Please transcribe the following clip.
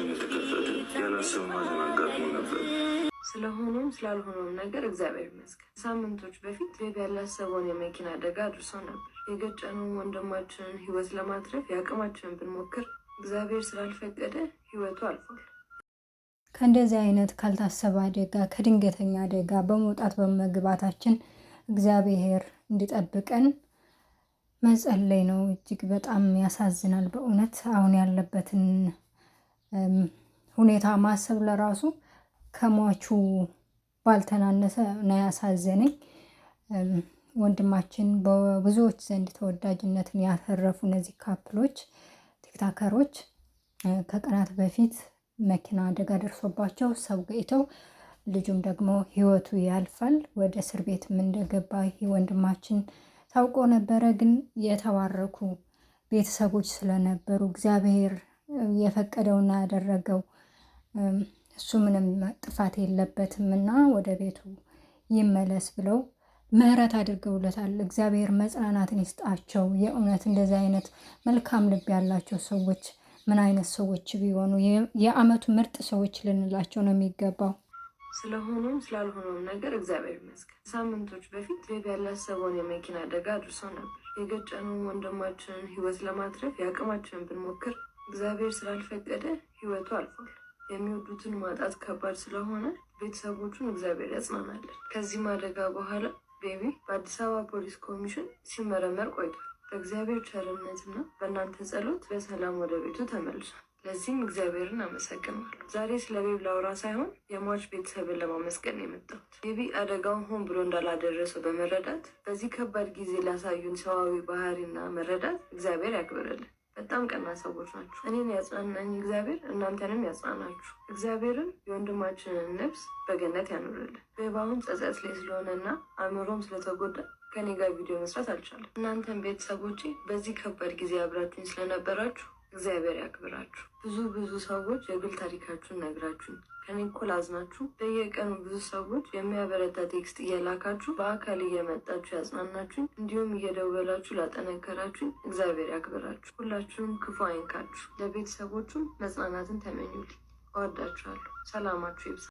አይናችን የተከፈተ ያላሰብነው ሐዘን አጋጥሞ ነበር። ስለሆነም ስላልሆነውም ነገር እግዚአብሔር ይመስገን። ሳምንቶች በፊት ቤብ ያላሰበውን የመኪና አደጋ አድርሶ ነበር። የገጨነውን ወንድማችንን ህይወት ለማትረፍ የአቅማችንን ብንሞክር እግዚአብሔር ስላልፈቀደ ህይወቱ አልፏል። ከእንደዚህ አይነት ካልታሰበ አደጋ፣ ከድንገተኛ አደጋ በመውጣት በመግባታችን እግዚአብሔር እንዲጠብቀን መጸለይ ነው። እጅግ በጣም ያሳዝናል በእውነት አሁን ያለበትን ሁኔታ ማሰብ ለራሱ ከሟቹ ባልተናነሰ ነው ያሳዘነኝ። ወንድማችን በብዙዎች ዘንድ ተወዳጅነትን ያተረፉ እነዚህ ካፕሎች ቲክታከሮች ከቀናት በፊት መኪና አደጋ ደርሶባቸው ሰው ገይተው ልጁም ደግሞ ህይወቱ ያልፋል። ወደ እስር ቤትም እንደገባ ወንድማችን ታውቆ ነበረ። ግን የተባረኩ ቤተሰቦች ስለነበሩ እግዚአብሔር የፈቀደውና ያደረገው እሱ ምንም ጥፋት የለበትም እና ወደ ቤቱ ይመለስ ብለው ምህረት አድርገውለታል። እግዚአብሔር መጽናናትን ይስጣቸው። የእውነት እንደዚህ አይነት መልካም ልብ ያላቸው ሰዎች ምን አይነት ሰዎች ቢሆኑ የአመቱ ምርጥ ሰዎች ልንላቸው ነው የሚገባው። ስለሆኑም ስላልሆኑም ነገር እግዚአብሔር ይመስገን። ሳምንቶች በፊት ቤብ ያላሰበውን የመኪና አደጋ አድርሶ ነበር። የገጨነውን ወንድማችንን ህይወት ለማትረፍ የአቅማችንን ብንሞክር እግዚአብሔር ስላልፈቀደ ህይወቱ አልፏል። የሚወዱትን ማጣት ከባድ ስለሆነ ቤተሰቦቹን እግዚአብሔር ያጽናናለን። ከዚህም አደጋ በኋላ ቤቢ በአዲስ አበባ ፖሊስ ኮሚሽን ሲመረመር ቆይቷል። በእግዚአብሔር ቸርነትና በእናንተ ጸሎት በሰላም ወደ ቤቱ ተመልሷል። ለዚህም እግዚአብሔርን አመሰግናለሁ። ዛሬ ስለ ቤቢ ላውራ ሳይሆን የሟች ቤተሰብን ለማመስገን የመጣሁት። ቤቢ አደጋውን ሆን ብሎ እንዳላደረሰው በመረዳት በዚህ ከባድ ጊዜ ላሳዩን ሰዋዊ ባህሪና መረዳት እግዚአብሔር ያክብርልን። በጣም ቀና ሰዎች ናችሁ። እኔን ያጽናናኝ እግዚአብሔር እናንተንም ያጽናናችሁ። እግዚአብሔርም የወንድማችንን ነፍስ በገነት ያኑርልን። በባሁን ጸጸት ላይ ስለሆነና አእምሮም ስለተጎዳ ከኔ ጋር ቪዲዮ መስራት አልቻለም። እናንተን ቤተሰቦቼ በዚህ ከባድ ጊዜ አብራችሁኝ ስለነበራችሁ እግዚአብሔር ያክብራችሁ። ብዙ ብዙ ሰዎች የግል ታሪካችሁን ነግራችሁ ከኔ እኮ ላዝናችሁ። በየቀኑ ብዙ ሰዎች የሚያበረታ ቴክስት እየላካችሁ በአካል እየመጣችሁ ያጽናናችሁኝ፣ እንዲሁም እየደወላችሁ ላጠነከራችሁኝ እግዚአብሔር ያክብራችሁ። ሁላችሁም ክፉ አይንካችሁ። ለቤተሰቦቹም መጽናናትን ተመኙልኝ። እወዳችኋለሁ። ሰላማችሁ ይብዛ።